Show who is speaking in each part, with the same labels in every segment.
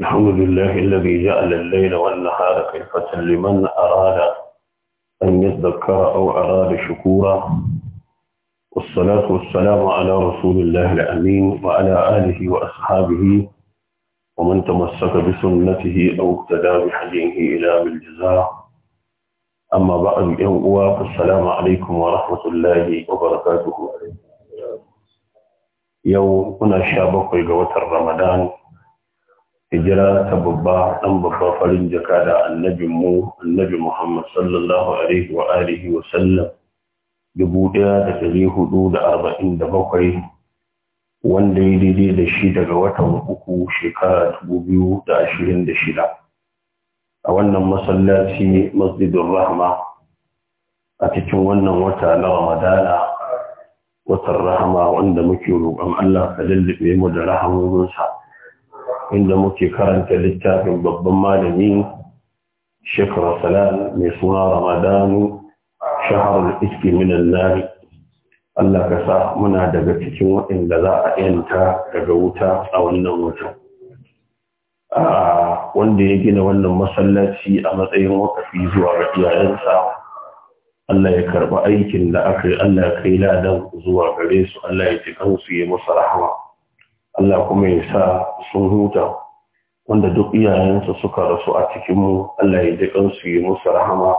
Speaker 1: الحمد لله الذي جعل الليل والنهار خلفة لمن أراد أن يذكر أو أراد شكورا والصلاة والسلام على رسول الله الأمين وعلى آله وأصحابه ومن تمسك بسنته أو اقتدى بحديه إلى بالجزاء أما بعد الأواب السلام عليكم ورحمة الله وبركاته عليكم. yau kuna sha bakwai ga watan ramadan hijira ta babba ɗan babba farin jaka da annabin mu annabi muhammad sallallahu alaihi wa alihi wa sallam dubu ɗaya da dari hudu da arba'in da bakwai wanda ya daidai da shi daga watan uku shekara dubu biyu da ashirin da shida a wannan masallaci masjidin rahma a cikin wannan wata na ramadana watan rahama wanda muke roƙon Allah ka lullube mu da rahamominsa inda muke karanta littafin babban malami Sheikh Rasalan mai suna Ramadanu shaharul iski minan nari Allah ka sa muna daga cikin waɗanda za a yanta daga wuta a wannan wata ah, wanda ya gina wannan masallaci a matsayin wakafi zuwa ga iyayensa Allah ya karɓi aikin da aka yi Allah ya kai ladan zuwa gare su Allah ya ji kansu ya musu rahama Allah kuma ya sa sun huta wanda duk iyayensu suka rasu a cikinmu Allah ya ji kansu ya musu rahama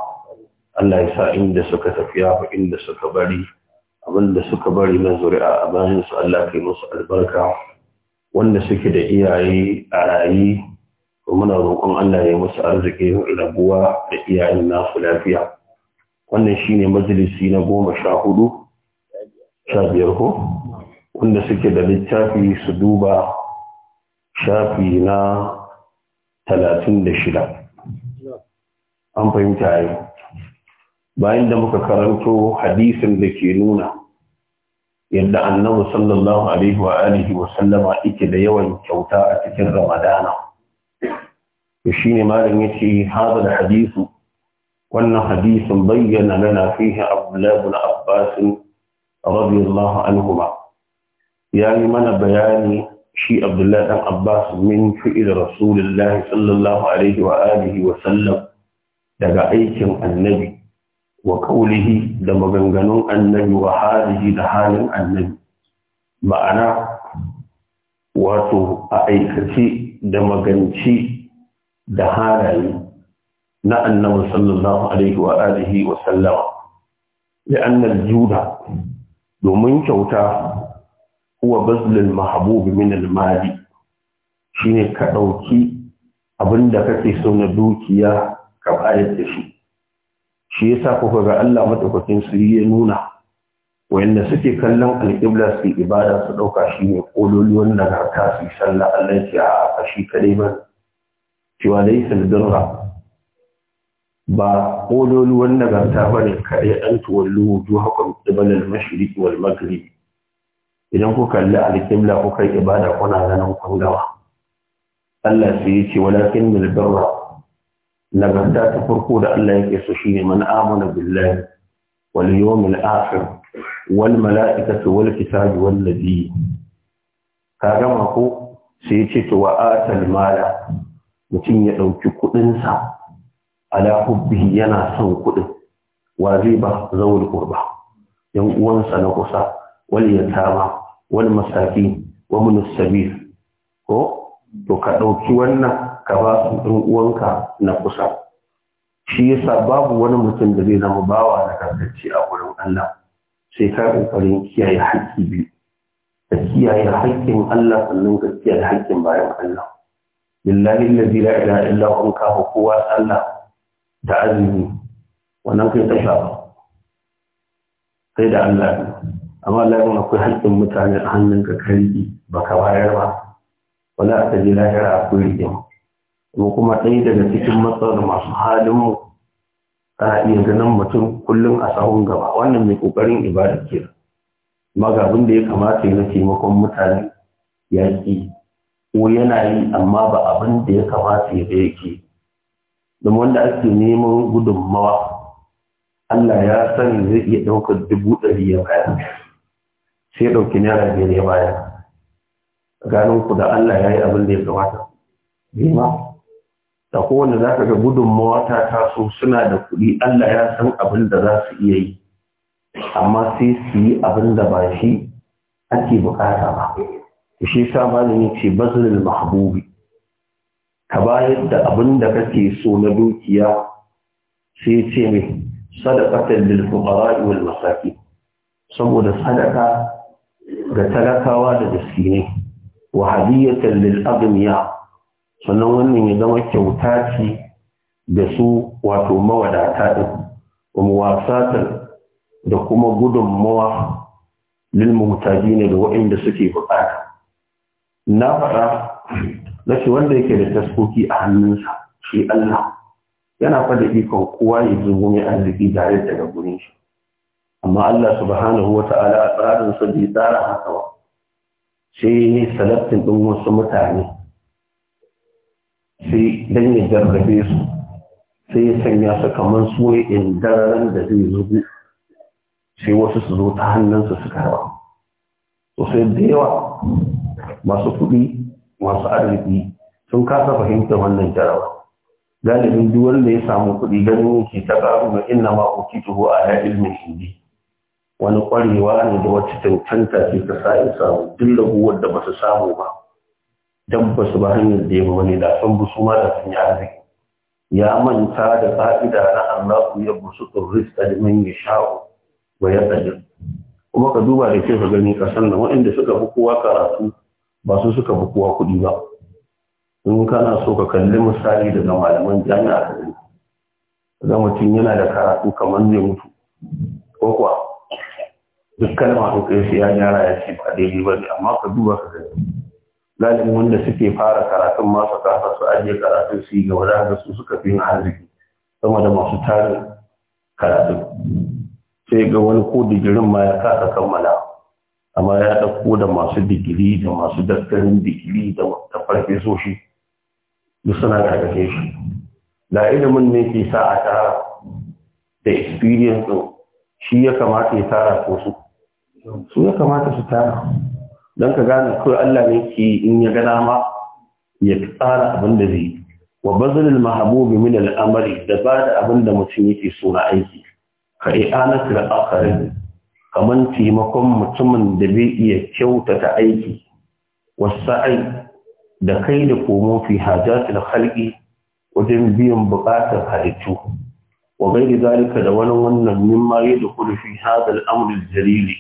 Speaker 1: Allah ya sa inda suka tafiya ba inda suka bari abinda suka bari na zuri'a a bayansu Allah kai musu albarka wanda suke da iyaye a rayi muna roƙon Allah ya musu arziki rabuwa da iyayen nasu lafiya wannan shine majalisi na goma sha hudu sha biyar ko wanda suke da littafi su duba shafi na talatin da shida an fahimta yi bayan da muka karanto hadisin da ke nuna yadda annabi sallallahu alaihi wa alihi wa sallama ike da yawan kyauta a cikin ramadana to shine yake hada da hadisu وأن حديث بين لنا فيه عبد الله بن عباس رضي الله عنهما يعني من بياني شيء عبد الله بن عباس من فعل رسول الله صلى الله عليه وآله وسلم دقا أيكم النبي وقوله دم غنغنون النبي وحاله دحال النبي معنى واتو أيكتي دم غنشي دحالي na annabi sallallahu alaihi wa alihi wa sallama لأن Juda, domin kyauta kuwa bazlul mahbub min al-mali shine ka dauki abinda kake so na dukiya ka bayar da shi shi yasa kuka ga Allah madaukakin su ya nuna wayanda suke kallon al-qibla su ibada su dauka wanda kololuwan nagarta su sallah Allah ya a shi kaɗai ba cewa laysa birra ba ƙololuwan nagarta ba ne kare an tuwallo wujo hakan ƙibalar mashiriki wal magribi idan ku kalli alƙibla ku kai ibada kuna ganin kun gawa Allah sai ya ce walakin mil birra nagarta ta farko da Allah yake so shine man amana billahi wal yawmil akhir wal mala'ikatu wal kitabi wal nabi ka gama ko sai ya ce to wa atal mala mutum ya ɗauki kuɗinsa. sa ala hubbihi yana son kuɗin wa zai ba zawul qurba yan uwansa na kusa wal yatama wal masafi, wa min sabil ko to ka dauki wannan ka ba su ɗan uwanka na kusa shi yasa babu wani mutum da zai zama bawa na kasance a wurin Allah sai ka kokarin kiyaye haƙƙi biyu ka kiyaye haƙƙin Allah sannan ka kiyaye haƙƙin bayan Allah billahi alladhi la ilaha illa huwa kowa allah da azumi wannan kai ta shafa kai da Allah ne amma Allah ya akwai haƙƙin mutane a hannunka kariki ba ka bayar ba wala a taji lahira akwai rigima ko kuma ɗaya daga cikin matsalar masu halin mu a iya ganin mutum kullum a sahun gaba wannan mai ƙoƙarin ibada ke amma ga abin da ya kamata ya taimakon mutane yaƙi ko yana yi amma ba abin da ya kamata ya yake domin wanda ake neman gudunmawa Allah ya sani zai iya ɗaukar dubu ɗari ya bayar sai ɗauki naira biyar ya bayar ganin ku da Allah ya yi abin da ya kamata nema da kowane za ka ga gudunmawa ta taso suna da kuɗi Allah ya san abin da za su iya yi amma sai su yi abin da ba shi ake bukata ba shi sa ba malami ce bazlul mahbubi ka bayar da abin da kake so na dukiya sai ce mai sadaka tallil fuqara wal masaki saboda sadaka ga talakawa da ne. wa hadiyar tallil aghniya sannan wannan ya zama kyauta ce da su wato mawadata din kuma wasatar da kuma gudunmawa lil ne ga waɗanda suke buƙata. na faɗa na shi wanda yake da taskoki a hannunsa shi Allah yana fada ikon kowa ya zubo mai arziki tare daga gurin shi amma Allah subhanahu wa ta'ala a tsarin sa bai tsara haka ba sai salatin din wasu mutane sai dan ya jarrabe su sai ya sanya su kamar su ne indaran da zai zubo sai wasu su zo ta hannunsa su karba to sai da yawa masu kuɗi masu arziki sun kasa fahimtar wannan jarawa galibin duk wanda ya samu kuɗi ganin yake ta ƙaru ga inna ma a ala ilmin hindi wani ƙwarewa ne da wacce tantanta ce ta sa in samu duk da ba su samu ba dan ba su ba hanyar da ya ba wani da sun su ma da sun yi arziki ya manta da fa'ida na Allah ku yabu su turista da man ya sha'o wa ya kuma ka duba da ke ka gani ƙasar nan waɗanda suka fi kowa karatu ba su suka fi kuwa kuɗi ba in kana so ka kalli misali daga malaman jami'a da gani ga mutum yana da karatu kamar zai mutu ko kuwa duk kalma ko kai sai ya gyara ya ce ba daidai ba ne amma ka duba ka gani lalin wanda suke fara karatun masu kafa su ajiye karatun su yi gaba da su suka fi yin arziki sama da masu tarin karatun sai ga wani ko digirin ma ya kasa kammala amma ya ɗauko da masu digiri da masu daskarin digiri da farfesoshi duk suna ƙarƙashin shi da ilimin ne ke sa a tara da experience shi ya kamata ya tara ko su su ya kamata su tara don ka gane kawai Allah ne ke in ya gana ma ya tsara abin da zai yi wa bazalil mahabubi min al'amari da ba da abin da mutum yake so na aiki ka i'anatul akharin kamar taimakon mutumin da bai iya kyautata aiki wasa'ai da kai da komo fi hajatul khalqi wajen biyan buƙatar halittu wa gairi zalika da wani wannan mimma ya da kudu fi hadal amr jariri.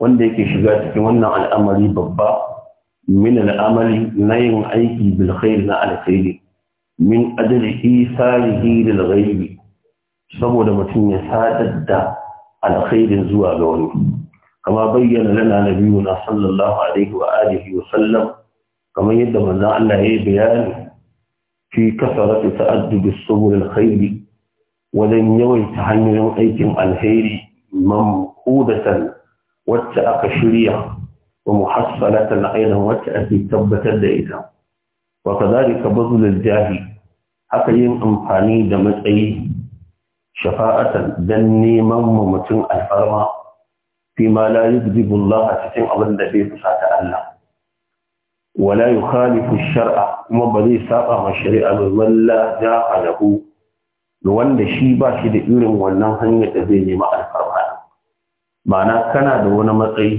Speaker 1: wanda yake shiga cikin wannan al'amari babba min al'amari, na yin aiki bil na alkhairi min ajli Hira da ghaibi saboda mutum ya sadar da alkhairin zuwa ga wani kama bayyana lana nabiyuna sallallahu alaihi wa alihi wa sallam kamar yadda manzon Allah ya yi bayani fi ta ta'addubi saboda alkhair wajen yawaita hanyoyin aikin alheri mamhudatan wacce aka shirya wa muhassalatan aidan wacce ake tabbatar da ita wa kadhalika bazlul jahi haka yin amfani da matsayi shafa'atan dan neman mu mutum alfarma fi ma la yujibu Allah cikin abin da bai fusata Allah wala yukhalifu shar'a kuma ba zai saba ma shari'a ba walla ja'a lahu wanda shi ba shi da irin wannan hanyar da zai nema alfarma ma'ana kana da wani matsayi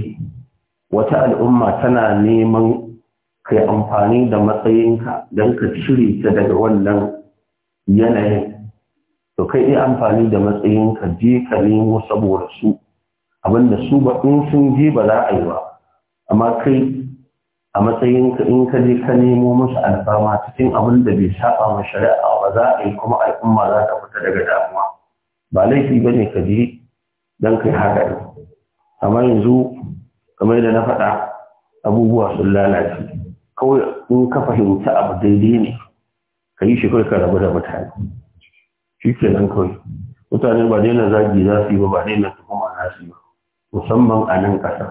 Speaker 1: wata al'umma tana neman kai amfani da matsayinka don ka cire ta daga wannan yanayin to kai yi amfani da matsayin ka je ka nemo saboda su abinda su ba in sun je ba za a yi ba amma kai a matsayin ka in ka je ka nemo musu alfama cikin abin da bai saba ma shari'a ba za a yi kuma al'umma za ta fita daga damuwa ba laifi ba ne ka je don kai haka amma yanzu kamar da na faɗa abubuwa sun lalace kawai in ka fahimci abu daidai ne ka yi shi kai ka rabu da mutane shi nan kawai mutane ba daina zagi za su yi ba ba daina tuhuma za su yi ba musamman a nan ƙasa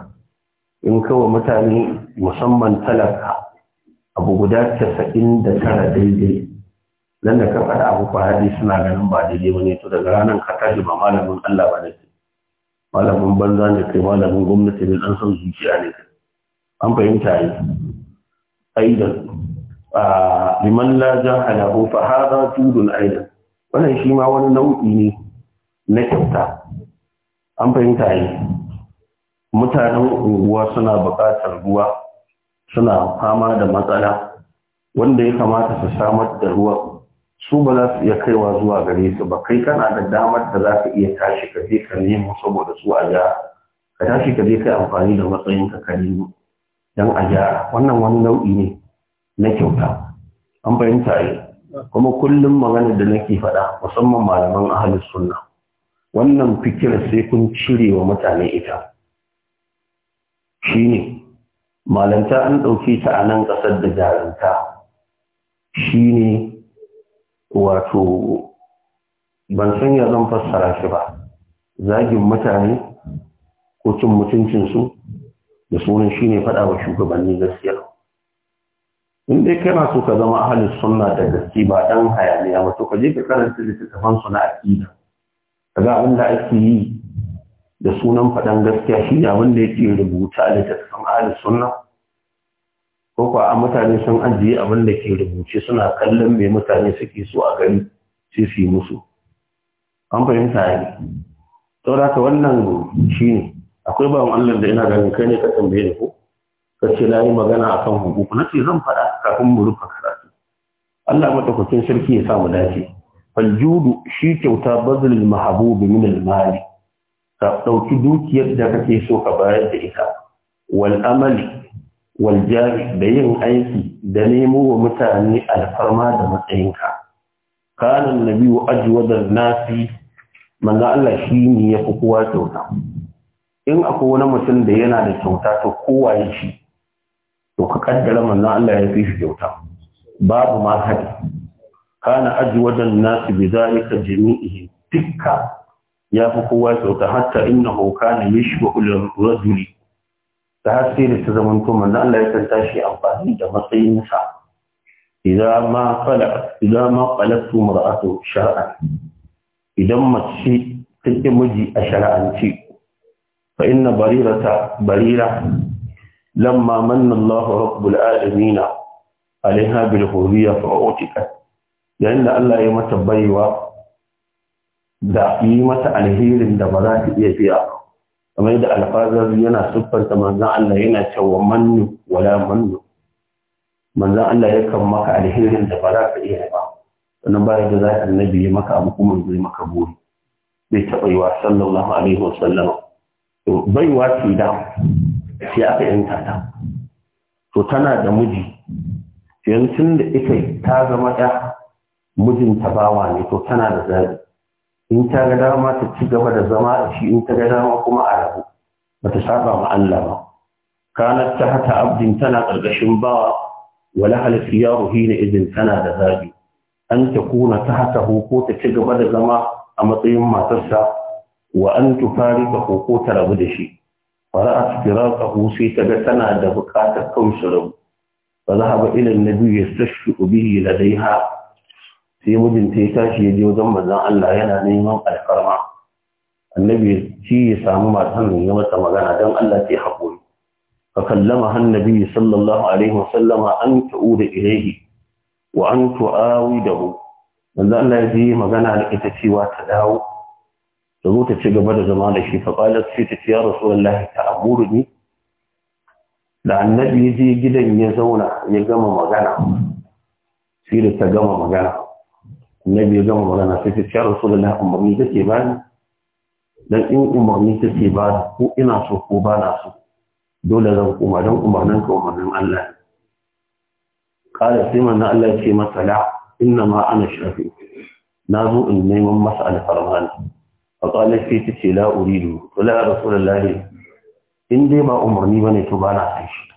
Speaker 1: in kawai mutane musamman talaka abu guda casa'in da tara daidai nan da kafa da abu fahadi suna ganin ba daidai ba ne to daga ranar ka tashi ba malamin Allah ba ne malamin banza ne kai malamin gwamnati ne an san zuciya ne an fahimta yi aidan liman la jahala hu fa hada tudun aidan wannan shi ma wani nau'i ne na kyauta an fahimta yi mutanen unguwa suna buƙatar ruwa suna fama da matsala wanda ya kamata su samar da ruwa su ba za su iya kaiwa zuwa gare su ba kai kana da damar da za ka iya tashi ka je ka nemo saboda su a ja ka tashi ka je kai amfani da matsayinka ka nemo don a gyara wannan wani nau'i ne na kyauta an fahimta yi kuma kullum magana da nake faɗa musamman malaman ahalus sunna wannan fikira sai kun cire wa mutane ita shine malanta an ɗauke ta a nan ƙasar da jarinta shine wato ban san ya zan fassara shi ba zagin mutane ko cin mutuncinsu da sunan shine faɗa wa shugabanni gaskiya in dai kana so ka zama ahalin sunna da gaske ba dan hayaniya ba to ka je ka karanta littattafan su na aqida kaga abin da ake yi da sunan faɗan gaskiya shi ne abin da yake rubuta a littattafan ahalin sunna ko kuwa a mutane sun ajiye abin da ke rubuce suna kallon me mutane suke so a gari sai su yi musu an fahimta ne saboda ka wannan shi ne akwai bawan Allah da ina ganin kai ne ka tambaye da ko ka ce na yi magana akan hukuku na ce zan faɗa kafin mu rufe karatu Allah madaukakin sarki ya samu dace faljudu shi kyauta bazlil mahabubi min al-mali ka dauki dukiyar da kake so ka bayar da ita wal amali wal jari da yin aiki da nemo wa mutane alfarma da matsayinka kana wa ajwadar nasi manzo Allah shi ne ya fi kowa kyauta in akwai wani mutum da yana da kyauta to kowa ya shi to ka kaddara manzon Allah ya fi shi kyauta babu ma haɗi kana ajwadan nasu bi zalika jami'ihi dukka ya fi kowa kyauta hatta innahu kana yashbahu rajuli da juri. ta zaman to manzon Allah ya kanta shi amfani da matsayinsa idan ma qala idan ma qalatu mar'atu shar'an idan mace take miji a shar'anci fa inna barirata barira لما من الله رب العالمين عليها بالحرية فأعتقت yayin da Allah ya mata baiwa da yi mata alherin da ba za ta iya biya kamar yadda alfazar yana siffanta manzan Allah yana cewa mannu wala mannu manzan Allah ya kan maka alherin da ba za ka iya ba sannan ba yadda za ka annabi ya maka abu kuma zai maka buri bai taɓa yi wa sallallahu alaihi wa sallama baiwa ce da sai aka yanta ta to tana da miji yanzu da ita ta zama ya mijinta bawa ne to tana da zabi in ta ga dama ta ci gaba da zama a shi in ta ga dama kuma a rabu ba ta saba ma Allah ba kanat ta hata abdin tana ƙarƙashin bawa wala halafi ya ruhi na izin tana da zabi an ta kuna ta hata ko ta ci gaba da zama a matsayin matarsa wa an tufari ka ko ta rabu da shi ta ga tana فرأت فراقه سيتبتنا دبكات كوشر فذهب إلى النبي يستشفئ به لديها sai mijinta ya tashi ya je wajen manzon Allah yana neman alfarma annabi shi ya samu matan ya mata magana don Allah ta haƙuri fa kallama annabi sallallahu alaihi wasallam an ta'uda ilayhi wa an tu'awidahu manzon Allah ya ji magana da ita cewa ta dawo ta zo ta ci gaba da zama da shi fa qalat sai ta ce ya rasulullahi ta saburu ne da annabi zai je gidan ya zauna ya gama magana sai da ta gama magana annabi ya gama magana sai ta ce rasulullah umarni take bani dan in umarni ta take bani ko ina so ko ba na so dole zan koma don umarnin ka umarnin Allah qala sai manzo Allah ya ce masa la inna ma ana shafi na zo in neman masa alfarmani fa qala sai ta ce la uridu qala rasulullah in dai ba umarni bane to ba na san shi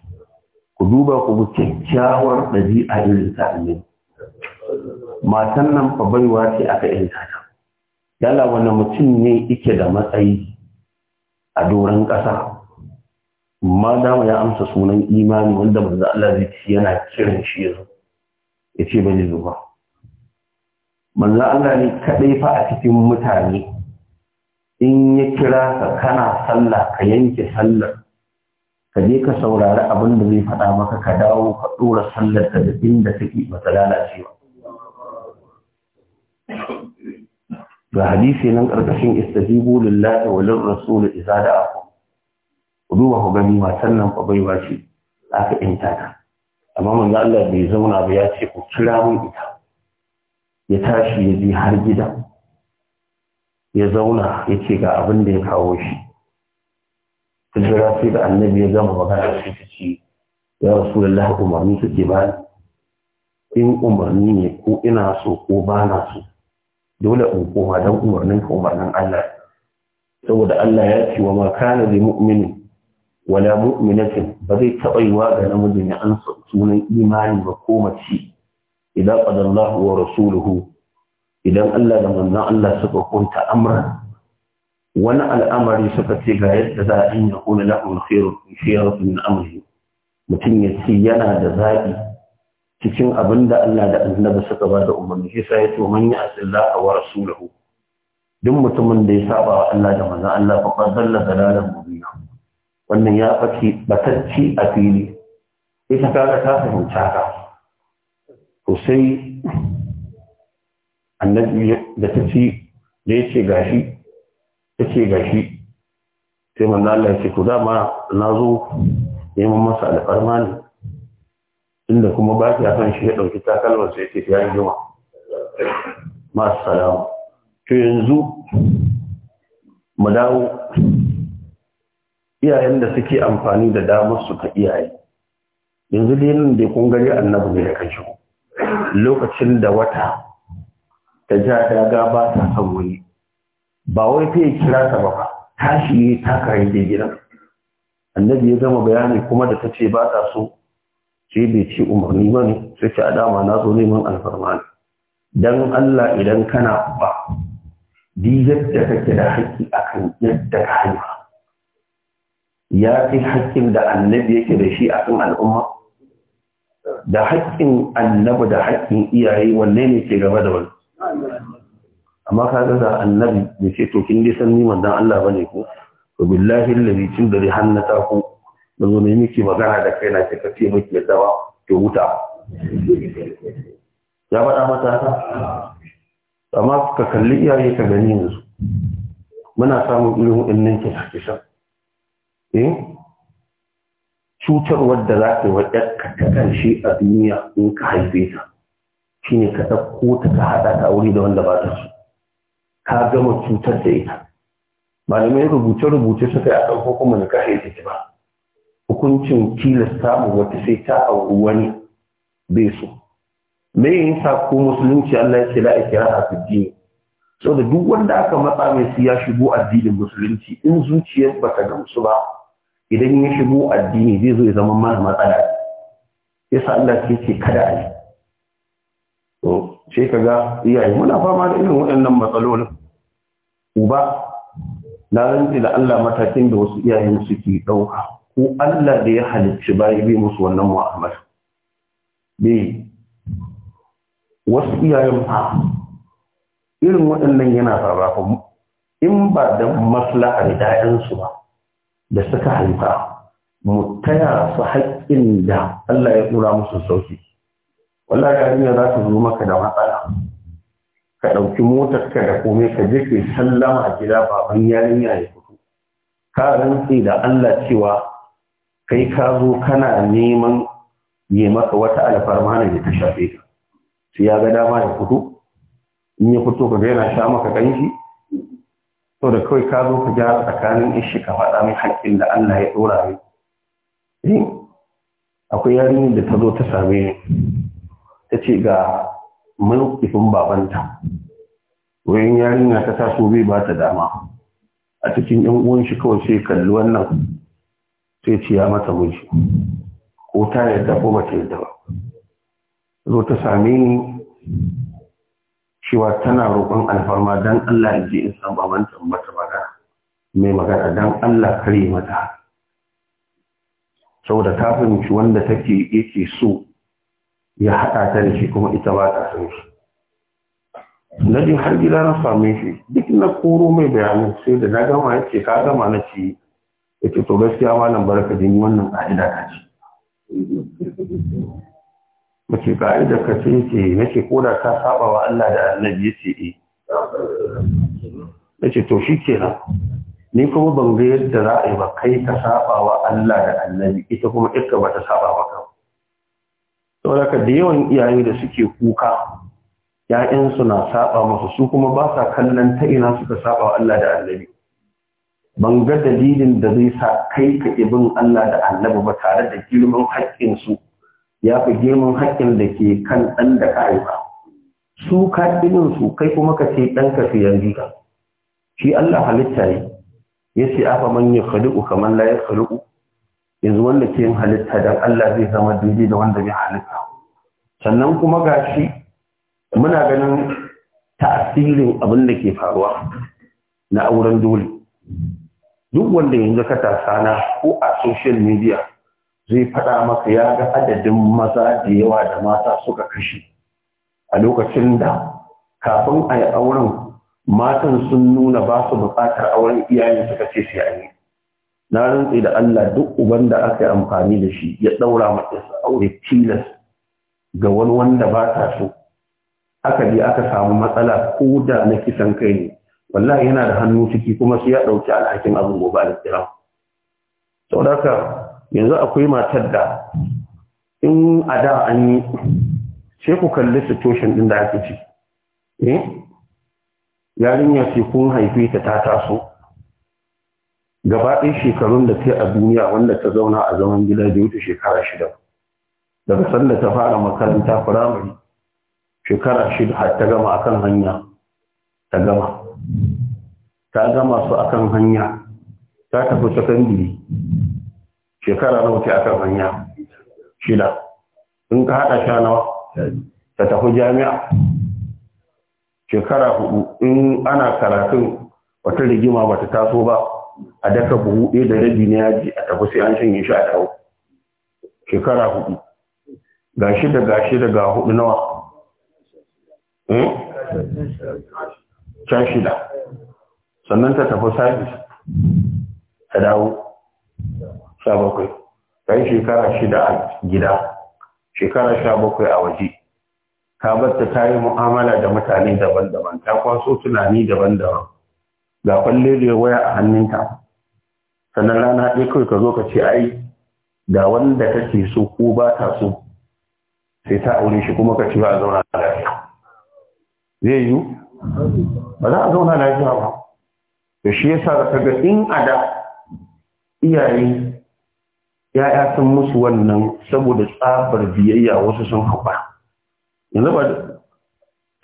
Speaker 1: ku duba ku bi kyakkyawar ɗabi'a irin ta matan nan fa baiwa ce aka yanta ta Yana wani mutum ne yake da matsayi a doron ƙasa ma ya amsa sunan imani wanda manzo Allah zai ci yana kiran shi yanzu ya ce ba zai manzo Allah ne kadai fa a cikin mutane in ya kira ka kana sallah ka yanke sallar ka je ka saurari abin da zai faɗa maka ka dawo ka ɗora sallar ka da inda take ba ta lalace ga hadisi nan ƙarƙashin istajibu lillahi wa da rasul idza da'akum ku duba ku gani ma sannan fa baiwa ce aka inta ta amma manzo Allah bai zauna ba ya ce ku kira mun ita ya tashi ya je har gida ya zauna ya ce ga abin da ya kawo shi ta jira sai da annabi ya gama magana sai ta ce ya rasu da lahar umarni ke ba in umarni ne ko ina so ko ba na so dole in koma don umarnin ka umarnin Allah saboda Allah ya ce wa ma kana mu'mini mu'minin wala mu'minatin ba zai taɓa yi wa ga namijin ya ansa sunan imani ba ko mace idan qadallahu wa rasuluhu idan Allah da manzan Allah suka kunta amra wani al'amari suka ce ga yadda za a yi yakuna lahum khairun khairu mutum ya ce yana da zaɓi cikin abin da Allah da annabi suka ba da umarni shi sai to man ya asilla wa rasulahu duk mutumin da ya saba wa Allah da manzon Allah fa qad dalla dalalan mubina wannan ya fake batacci a fili ita kaga ta fahimta ka to sai annabi da ta ce da ya ce gashi ta ce gashi sai manzo Allah ya ce ku dama na zo neman masa alfarma ne inda kuma ba ta san shi ya ɗauki takalmar sai ce ya jima ma salamu to yanzu mu dawo iyayen da suke amfani da damar su ta iyaye yanzu dai nan da kun gari annabi ne da kanshi lokacin da wata ta ja daga ba ta san wani ba wai ta yi kira ta ba Ta yi ta kare da gidan annabi ya gama bayani kuma da ta ce ba ta so ce bai ce umarni ba ne sai ce a dama na zo neman alfarma ne don Allah idan kana ba di yadda kake da haƙƙi akan yadda ka haifa ya fi haƙƙin da annabi yake da shi akan al'umma da haƙƙin annabi da haƙƙin iyaye wanne ne ke gaba da wani amma ka ga da annabi bai ce to kin san ni manzon Allah bane ko to billahi alladhi tun da hannata ku da zo ne miki magana da kai na cika ce miki da dawa to wuta ya faɗa mata ta amma ka kalli iyaye ka gani yanzu muna samun irin waɗannan kisa-kisan eh Cutar wadda za ta wa ta ƙarshe a duniya in ka haife ta shine ka ɗauko ta ka haɗa ta aure da wanda ba ta so ka gama cutar da ita malamai rubuce-rubuce suka kai a kan hukumar ka ta ba hukuncin tilasta mu wata sai ta auri wani bai so me yin ko musulunci Allah ya ce la ikira a fiddi saboda duk wanda aka matsa mai su ya shigo addinin musulunci in zuciyar ba ta gamsu ba idan ya shigo addini zai zo ya zama mara matsala yasa Allah ke ce kada a yi to sai kaga iyaye muna fama da irin waɗannan matsalolin uba na rantsi da Allah matakin da wasu iyayen suke ɗauka ko Allah da ya halicci bayi bai musu wannan mu'amar. bai wasu iyayen fa irin waɗannan yana sarrafa in ba da maslahar ‘ya'yansu ba da suka haifa mu taya su haƙƙin da Allah ya tsura musu sauki wallahi yarinya za ta zo maka da matsala ka ɗauki motar ka da komai ka je kai sallama a gida baban yarinya ya fito ka sai da Allah cewa kai ka zo kana neman yi maka wata alfarma ne da ta shafe ka sai ya ga dama ya fito in ya fito ka ga yana sha maka kanshi to da kawai ka zo ka gyara tsakanin ishi ka faɗa mai haƙƙin da Allah ya dora mai eh, akwai yarinya da ta zo ta same ni ta ce ga mulkifin babanta wayan yarinya ta taso bai ba ta dama a cikin yan uwan shi kawai sai kalli wannan sai ce ya mata mulki ko ta yadda ko ba ta yadda ba zo ta same ni cewa tana roƙon alfarma don Allah in je in san babanta in mata magana mai magana don Allah kare mata saboda ta fahimci wanda take yake so ya haɗa ta da shi kuma ita ba ta san shi na har gida na same shi duk na koro mai bayani sai da na gama ya ce ka gama na ci ya ce to gaskiya malam baraka din wannan ka'ida ka ce mace ka'ida ka ce ce na ce ko ka saba wa Allah da annabi ya ce eh na ce to shi kenan ni kuma ban ga yadda za a yi ba kai ka saba wa Allah da annabi ita kuma ita ba ta saba ba saboda da yawan iyaye da suke kuka ‘ya'yansu na saba musu su kuma ba sa kallon ta ina suka saba wa Allah da annabi ban ga dalilin da zai sa kai ka ibin Allah da annabi ba tare da girman su ya fi girman haƙƙin da ke kan ɗan da ka su ka su kai kuma ka ce ɗan ka fi yanzu ka shi Allah halitta ne ya ce afa man ya khaliqu kaman la ya yanzu wanda ke yin halitta don Allah zai zama daidai da wanda bai halitta sannan kuma ga shi muna ganin ta'asirin abin da ke faruwa na auren dole duk wanda yanzu ka tasana ko a social media zai faɗa maka ya ga adadin maza da yawa da mata suka kashe a lokacin da kafin a yi auren matan sun nuna ba su buƙatar auren iyayen suka ce a yi na rantsi da Allah duk uban da aka yi amfani da shi ya ɗaura su aure tilas ga wani wanda ba ta so aka bi aka samu matsala ko da na kisan kai ne wallahi yana da hannu ciki kuma sai ya ɗauki alhakin abin gobe a kira sau da haka yanzu akwai matar da in a da an yi sai ku kalli situation ɗin da ake ci eh? yarinya ce kun haife ta ta taso gaba ɗaya shekarun da ta a duniya wanda ta zauna a zaman gida da wuce shekara shida daga sanda ta fara makaranta firamare shekara shida har ta gama akan hanya ta gama ta gama su akan hanya ta tafi sakandiri shekara nawa ce akan hanya shida in ka haɗa sha nawa ta tafi jami'a shekara hudu in ana karatun wata rigima ba ta taso ba a daka buhu ɗaya da rabi na yaji a tafi sai an shanye shi a dawo shekara hudu ga da ga da ga hudu nawa can hmm? shida sannan ta tafi sabis ta dawo sha bakwai ta yi shekara shida a gida shekara sha bakwai a waje ta batta ta yi mu'amala da mutane daban-daban ta kwaso tunani daban-daban ga kwalle da waya a hannunka sannan rana ɗaya kawai ka zo ka ce ai ga wanda kake so ko ba ta so sai ta aure shi kuma ka ce ba a zauna lafiya zai yiwu ba za a zauna lafiya ba da shi yasa da kaga in a da iyaye ya'ya sun musu wannan saboda tsabar biyayya wasu sun haɓa yanzu ba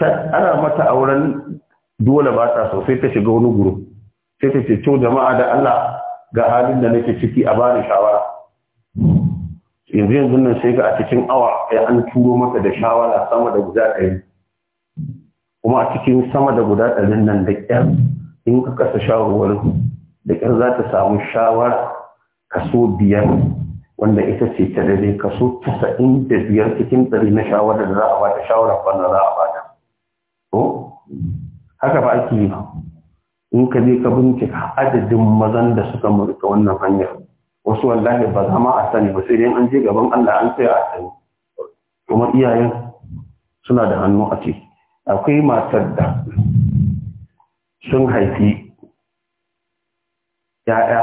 Speaker 1: ana mata auren dole ba ta so sai ta shiga wani guru sai ta ce to jama'a da Allah ga halin da nake ciki a bani shawara yanzu yanzu nan sai ga a cikin awa ya an turo maka da shawara sama da guda ɗari kuma a cikin sama da guda ɗaya nan da ƙyar in ka kasa shawarwarin da ƙyar za ta samu shawara kaso biyar wanda ita ce ta dare kaso tasa'in da biyar cikin ɗari na shawarar da za a bata shawara bana za a bata haka ba ake yi in ka je ka bincika adadin mazan da suka murka wannan hanyar wasu wallahi ba zama a sani ba sai dai an je gaban Allah an tsaya a sani kuma iyayen suna da hannu a ciki akwai matar da sun haifi ‘ya'ya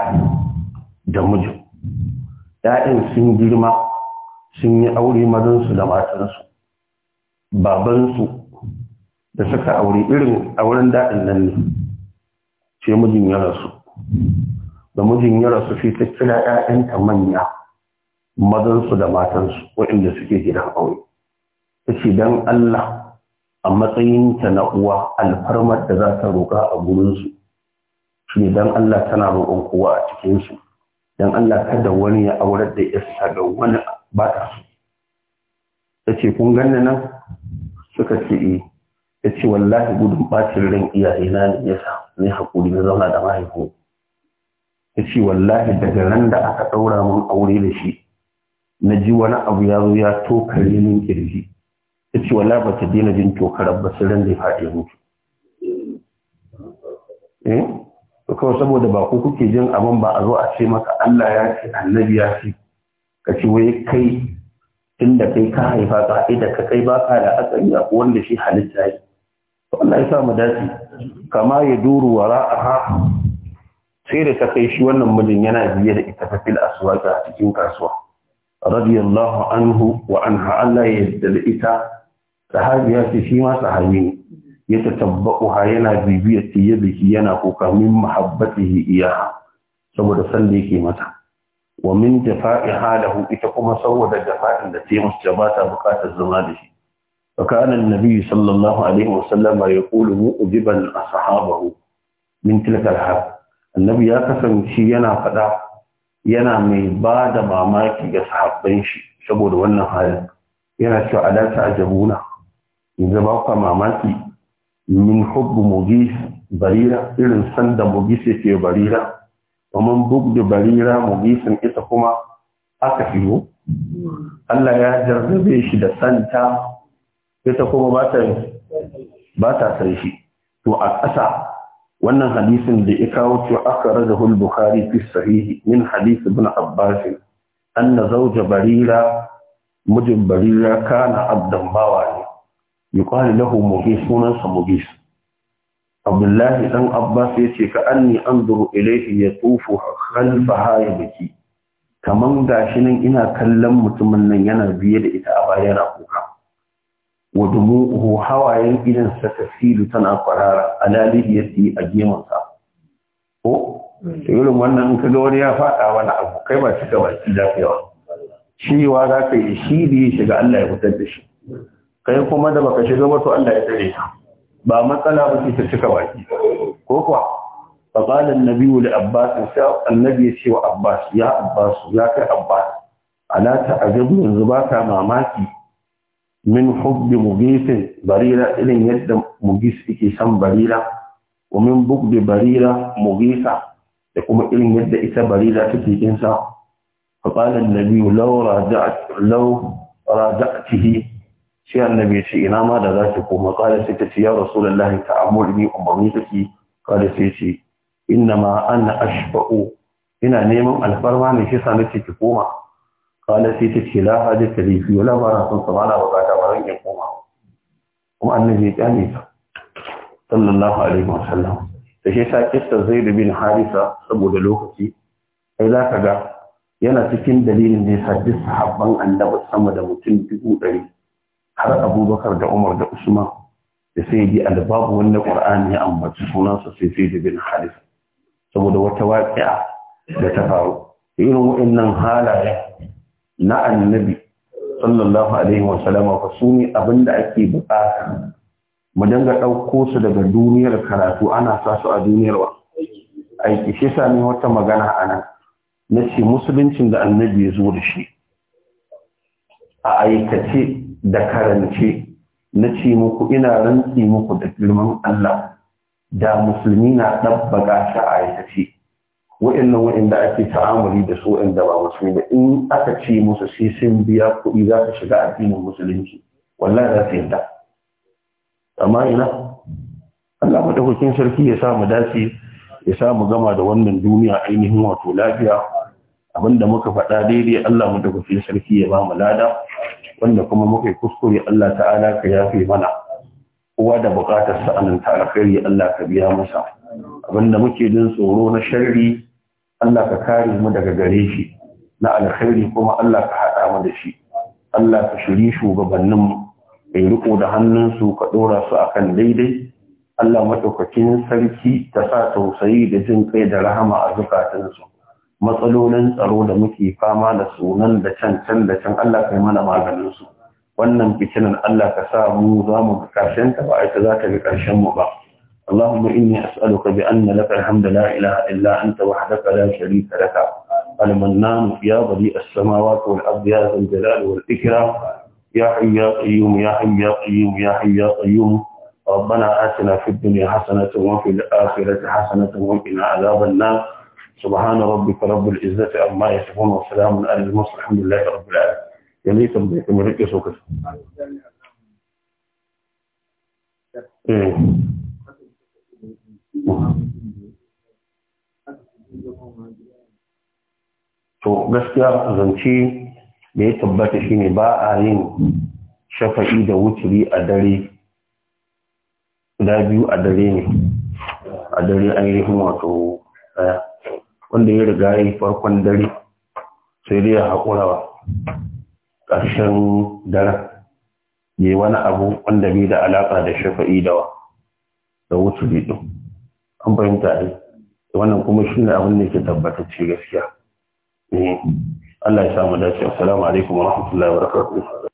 Speaker 1: da mijin ‘ya'yan sun girma sun yi aure mazansu da matansu babansu da suka aure irin auren daɗin nan ne ce mijin ya rasu da mijin ya rasu sai ta kira ‘ya'yanta manya mazansu da matansu waɗanda suke gidan aure ta ce don Allah a matsayin na uwa alfarmar da za ta roƙa a gurinsu shi ne don Allah tana roƙon kowa a cikinsu don Allah kada wani ya aurar da yasa ga wani ba ta su ta ce kun ganna nan suka ce eh. ya ce wallahi gudun bacin ran iyayena ne ya sa ni haƙuri na zauna da mahaifu ya ce wallahi daga ran da aka ɗaura mun aure da shi na ji wani abu ya zo ya tokare min kirji ya ce wallahi ba ta daina jin tokarar ba sai ran da ya faɗi mutu eh kawai saboda ba ku kuke jin abin ba a zo a ce maka Allah ya ce annabi ya ce ka ce wai kai inda kai ka haifa ka da ka kai ba ka da asali a wanda shi halitta yi Allah ya sa mu dace kama ya duru wara'aha sai da ta kai shi wannan mijin yana biye da ita fil aswaq a cikin kasuwa radiyallahu anhu wa anha Allah ya yarda da ita sahabiya ce shi ma sahabi ya ha, yana bibiyar ta biki yana kuka min mahabbatihi iyaha saboda san da yake mata wa min jafa'i halahu ita kuma saboda jafa'in da ta yi ba ta bukatar zama da shi فكان النبي صلى الله عليه وسلم يقول مؤجبا أصحابه من تلك الحال النبي يا كسن شي ينا فدا ينا مي بعد ما ماكي ga sahabban shi saboda wannan halin yana cewa ala ta'jabuna yanzu ba ku mamaki min hubb mugis barira irin sanda mugis yake barira ومن بغد بريرة مغيث إتكما أكفيه الله يا جربي شد سنتا ta kuma ba ta ba ta san shi to a ƙasa wannan hadisin da ya kawo cewa aka raga hul bukhari fi sahihi min hadisi ibn abbas anna zawja barira mujin barira kana abdan bawa ne yuqalu lahu mugis sunan sa mugis abdullahi dan abbas yace ka anni anzuru ilayhi yatufu khalfaha yabki kaman gashi nan ina kallon mutumin nan yana biye da ita a bayan kuka wa dumuhu hawayen idan sa tasiru tana kwarara ala lihiyati a gemansa ko irin wannan in kaga wani ya faɗa wani abu kai ba cika baki da kaiwa cewa za ka yi shi da ya shiga Allah ya fitar da shi kai kuma da baka shiga ba to Allah ya tsare ka ba matsala ba ce ta cika baki ko kuwa فقال النبي لعباس النبي سوى عباس يا عباس يا كعباس ألا تعجب من زباك ماماتي min hubbi mugisin barira irin yadda mugis yake san barira wa min bugdi barira mugisa da kuma irin yadda ita barira take kinsa fa qala an-nabi law raja'at law raja'tihi shi annabi ce ina ma da zaki koma qala sai ta ce ya rasulullahi ta'amulni umarni take qala sai ce inna ma ana ashfa'u ina neman alfarma ne shi sa nake ki koma قال سيت لا fiye لي في ولا ما رسول سبحانه وتعالى ورن يقوم kuma annabi ya ta sallallahu alaihi wasallam da shi sa zai zaid bin harisa saboda lokaci Ai za ka ga yana cikin dalilin da sa duk sahabban annabi sama da mutum dubu ɗari har abubakar da umar da usman da sai ji albabu wanda ƙur'ani ya ambaci sunansa sai zaid bin harisa saboda wata waƙi'a da ta faru irin waɗannan halaye na annabi sallallahu alaihi wa sallama fa su ne abinda ake bukata mu danga ɗauko su daga duniyar karatu ana sa su a duniyar wa aiki shi sa ne wata magana a nan na ce musuluncin da annabi ya zo da shi a aikace da karance na ce muku ina rantsi muku da girman Allah da musulmi na ɗabbaga shi a aikace wa'annan wa'anda ake ta'amuli da su wa'anda ba musulmi ba in aka ce musu sai sun biya kuɗi za su shiga addinin musulunci wallahi za su yadda amma ina Allah madaukakin sarki ya sa mu dace ya sa mu gama da wannan duniya ainihin wato lafiya abinda muka faɗa daidai Allah madaukakin sarki ya ba mu lada wanda kuma muka yi kuskure Allah ta'ala ka yafe mana Uwa da buƙatar sa'anin ta alkhairi Allah ka biya masa abinda muke jin tsoro na sharri Allah ka kare mu daga gare shi na alkhairi kuma Allah ka haɗa mu da shi Allah ka shiri shugabannin mu kai riko da hannunsu ka ɗora su akan daidai Allah maɗaukakin sarki ta sa tausayi da jin kai da rahama a zukatansu matsalolin tsaro da muke fama da sunan da can can da can Allah kai mana maganin su wannan fitinan Allah ka sa mu za mu ga karshen ta ba ita za ta ga karshen mu ba اللهم إني أسألك بأن لك الحمد لا إله إلا أنت وحدك لا شريك لك المنان يا بديع السماوات والأرض يا ذا الجلال والإكرام يا حي يا قيوم يا حي يا قيوم يا حي يا قيوم ربنا آتنا في الدنيا حسنة وفي الآخرة حسنة وقنا عذاب النار سبحان ربك رب العزة عما يصفون وسلام على المصر الحمد لله رب العالمين بكم تنبيه مريكس وكذا to gaskiya zance da ya tabbata shine ba a yin shafa'i da wuturi a dare guda biyu a dare ne a dare ainihin wato daya wanda ya riga yi farkon dare sai dai ya haƙura ba ƙarshen daren ya wani abu wanda bai da alaƙa da shafa'i da wuturi ɗin an fahimta ne wannan kuma shi ne abin da ke tabbatar ce gaskiya eh, Allah ya samu dace assalamu alaikum wa rahmatullahi wa barakatuh